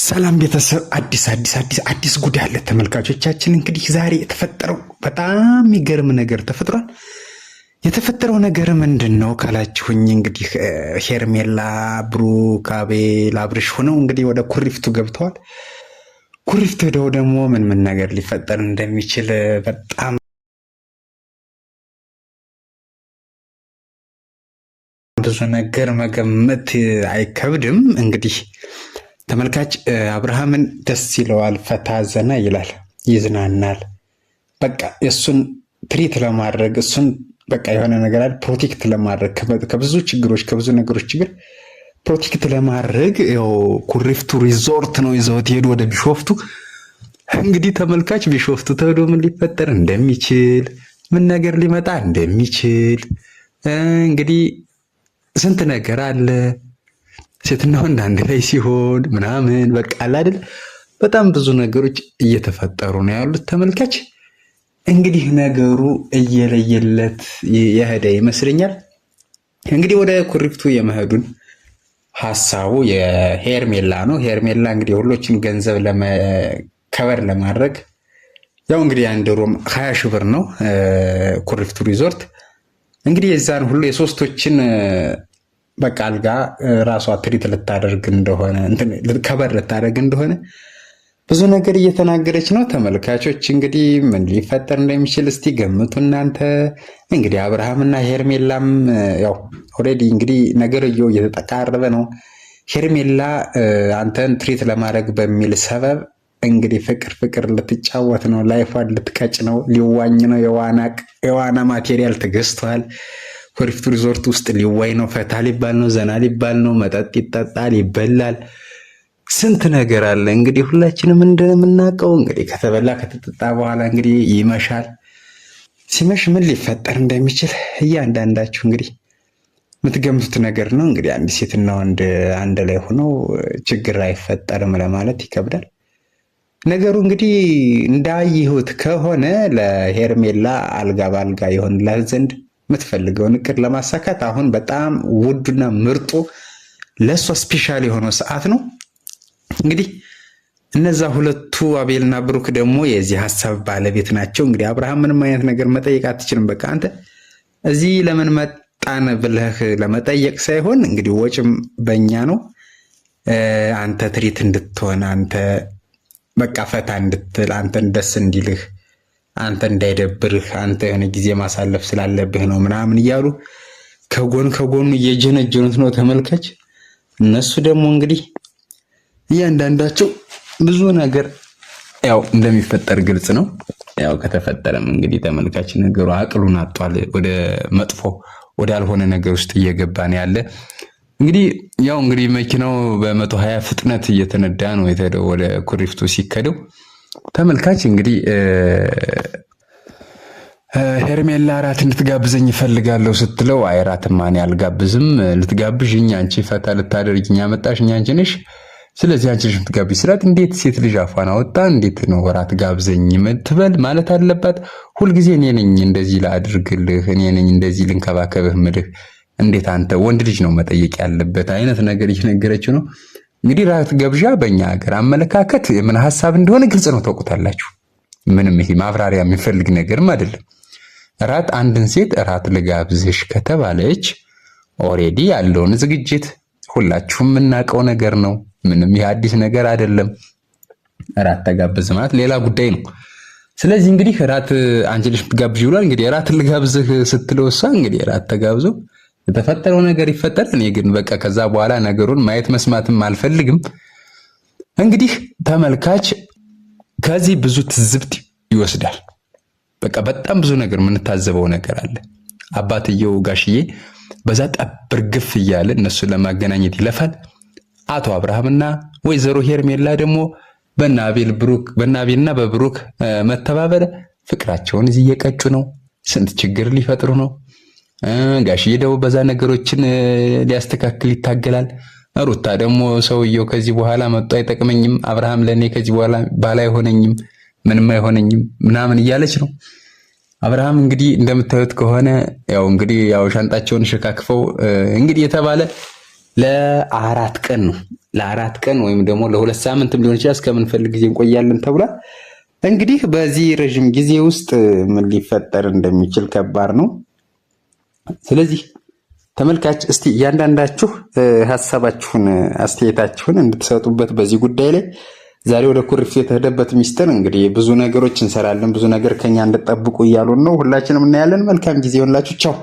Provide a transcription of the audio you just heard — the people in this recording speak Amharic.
ሰላም ቤተሰብ፣ አዲስ አዲስ አዲስ አዲስ ጉድ አለ ተመልካቾቻችን። እንግዲህ ዛሬ የተፈጠረው በጣም የሚገርም ነገር ተፈጥሯል። የተፈጠረው ነገር ምንድን ነው ካላችሁኝ እንግዲህ ሄርሜላ፣ ብሩክ፣ አቤል፣ አብርሽ ሆነው እንግዲህ ወደ ኩሪፍቱ ገብተዋል። ኩሪፍቱ ሄደው ደግሞ ምን ምን ነገር ሊፈጠር እንደሚችል በጣም ብዙ ነገር መገመት አይከብድም እንግዲህ ተመልካች አብርሃምን ደስ ይለዋል፣ ፈታ ዘና ይላል፣ ይዝናናል። በቃ እሱን ትሪት ለማድረግ እሱን በቃ የሆነ ነገር አለ ፕሮቴክት ለማድረግ ከብዙ ችግሮች ከብዙ ነገሮች ችግር ፕሮቴክት ለማድረግ ያው ኩሪፍቱ ሪዞርት ነው ይዘውት ሄዱ ወደ ቢሾፍቱ። እንግዲህ ተመልካች ቢሾፍቱ ተሄዶ ምን ሊፈጠር እንደሚችል ምን ነገር ሊመጣ እንደሚችል እንግዲህ ስንት ነገር አለ። ሴትና ወንድ አንድ ላይ ሲሆን ምናምን በቃ አይደል በጣም ብዙ ነገሮች እየተፈጠሩ ነው ያሉት። ተመልካች እንግዲህ ነገሩ እየለየለት የሄደ ይመስለኛል። እንግዲህ ወደ ኩሪፍቱ የመሄዱን ሀሳቡ የሄርሜላ ነው። ሄርሜላ እንግዲህ ሁሎችን ገንዘብ ከበር ለማድረግ ያው እንግዲህ አንድ ሮም ሀያ ሺህ ብር ነው ኩሪፍቱ ሪዞርት እንግዲህ የዛን ሁሉ የሶስቶችን በቃ አልጋ ራሷ ትሪት ልታደርግ እንደሆነ ከበር ልታደርግ እንደሆነ ብዙ ነገር እየተናገረች ነው። ተመልካቾች እንግዲህ ምን ሊፈጠር እንደሚችል እስቲ ገምቱ እናንተ። እንግዲህ አብርሃምና ሄርሜላም ያው ኦልሬዲ እንግዲህ ነገርየው እየተጠቃረበ ነው። ሄርሜላ አንተን ትሪት ለማድረግ በሚል ሰበብ እንግዲህ ፍቅር ፍቅር ልትጫወት ነው፣ ላይፏን ልትቀጭ ነው፣ ሊዋኝ ነው። የዋና ማቴሪያል ትገዝቷል። ሪፍቱ ሪዞርት ውስጥ ሊዋይ ነው፣ ፈታ ሊባል ነው፣ ዘና ሊባል ነው። መጠጥ ይጠጣል፣ ይበላል፣ ስንት ነገር አለ። እንግዲህ ሁላችንም እንደምናውቀው እንግዲህ ከተበላ ከተጠጣ በኋላ እንግዲህ ይመሻል። ሲመሽ ምን ሊፈጠር እንደሚችል እያንዳንዳችሁ እንግዲህ የምትገምቱት ነገር ነው። እንግዲህ አንድ ሴትና ወንድ አንድ ላይ ሆኖ ችግር አይፈጠርም ለማለት ይከብዳል። ነገሩ እንግዲህ እንዳየሁት ከሆነ ለሄርሜላ አልጋ ባልጋ ይሆንላት ዘንድ የምትፈልገውን እቅድ ለማሳካት አሁን በጣም ውዱና ምርጡ ለእሷ ስፔሻል የሆነው ሰዓት ነው። እንግዲህ እነዛ ሁለቱ አቤልና ብሩክ ደግሞ የዚህ ሀሳብ ባለቤት ናቸው። እንግዲህ አብርሃም ምንም አይነት ነገር መጠየቅ አትችልም። በቃ አንተ እዚህ ለምን መጣን ብለህ ለመጠየቅ ሳይሆን እንግዲህ ወጭም በእኛ ነው። አንተ ትሪት እንድትሆን አንተ በቃ ፈታ እንድትል አንተን ደስ እንዲልህ አንተ እንዳይደብርህ አንተ የሆነ ጊዜ ማሳለፍ ስላለብህ ነው ምናምን እያሉ ከጎን ከጎኑ እየጀነጀኑት ነው ተመልካች። እነሱ ደግሞ እንግዲህ እያንዳንዳቸው ብዙ ነገር ያው እንደሚፈጠር ግልጽ ነው። ያው ከተፈጠረም እንግዲህ ተመልካች ነገሩ አቅሉን አጧል። ወደ መጥፎ ወዳልሆነ ነገር ውስጥ እየገባ ነው ያለ። እንግዲህ ያው እንግዲህ መኪናው በመቶ ሀያ ፍጥነት እየተነዳ ነው ወደ ኩሪፍቱ ሲከደው ተመልካች እንግዲህ ሄርሜላ እራት እንድትጋብዘኝ እፈልጋለሁ ስትለው አይ እራትማ እኔ አልጋብዝም፣ ልትጋብዥኝ አንቺ ፈታ ልታደርጊኝ ያመጣሽኝ አንቺ ነሽ፣ ስለዚህ አንቺ ነሽ የምትጋብዥ ስላት እንዴት ሴት ልጅ አፏን አወጣ እንዴት ነው እራት ጋብዘኝ ምትበል ማለት አለባት? ሁልጊዜ እኔ ነኝ እንደዚህ ላድርግልህ፣ እኔ ነኝ እንደዚህ ልንከባከብህ ምልህ እንዴት አንተ ወንድ ልጅ ነው መጠየቅ ያለበት አይነት ነገር እየነገረችው ነው። እንግዲህ ራት ገብዣ በእኛ ሀገር አመለካከት የምን ሀሳብ እንደሆነ ግልጽ ነው፣ ታውቁታላችሁ። ምንም ይሄ ማብራሪያ የሚፈልግ ነገርም አይደለም። ራት አንድን ሴት ራት ልጋብዝሽ ከተባለች ኦሬዲ ያለውን ዝግጅት ሁላችሁም የምናውቀው ነገር ነው። ምንም ይህ አዲስ ነገር አይደለም። ራት ተጋብዝ ማለት ሌላ ጉዳይ ነው። ስለዚህ እንግዲህ ራት አንቺ ልሽ ብትጋብዥ ይውላል። እንግዲህ ራት ልጋብዝህ ስትለው እሷ እንግዲህ ራት ተጋብዘው የተፈጠረው ነገር ይፈጠር። እኔ ግን በቃ ከዛ በኋላ ነገሩን ማየት መስማትም አልፈልግም። እንግዲህ ተመልካች ከዚህ ብዙ ትዝብት ይወስዳል። በቃ በጣም ብዙ ነገር የምንታዘበው ነገር አለ። አባትየው ጋሽዬ በዛ ጠብርግፍ ግፍ እያለ እነሱን ለማገናኘት ይለፋል። አቶ አብርሃምና ወይዘሮ ሄርሜላ ደግሞ በናቤል ብሩክ በናቤልና በብሩክ መተባበር ፍቅራቸውን እየቀጩ ነው። ስንት ችግር ሊፈጥሩ ነው። ጋሽዬ ደግሞ በዛ ነገሮችን ሊያስተካክል ይታገላል። ሩታ ደግሞ ሰውየው ከዚህ በኋላ መጥቶ አይጠቅመኝም፣ አብርሃም ለእኔ ከዚህ በኋላ ባላ አይሆነኝም፣ ምንም አይሆነኝም ምናምን እያለች ነው። አብርሃም እንግዲህ እንደምታዩት ከሆነ ያው እንግዲህ ያው ሻንጣቸውን ሸካክፈው እንግዲህ የተባለ ለአራት ቀን ነው ለአራት ቀን ወይም ደግሞ ለሁለት ሳምንትም ሊሆን ይችላል እስከምንፈልግ ጊዜ እንቆያለን ተብሏል። እንግዲህ በዚህ ረዥም ጊዜ ውስጥ ምን ሊፈጠር እንደሚችል ከባድ ነው። ስለዚህ ተመልካች እስቲ እያንዳንዳችሁ ሀሳባችሁን አስተያየታችሁን እንድትሰጡበት በዚህ ጉዳይ ላይ ዛሬ ወደ ኩሪፍቱ የተሄደበት ሚስጥር እንግዲህ ብዙ ነገሮች እንሰራለን፣ ብዙ ነገር ከኛ እንድጠብቁ እያሉን ነው። ሁላችንም እናያለን። መልካም ጊዜ ይሆንላችሁ። ቻው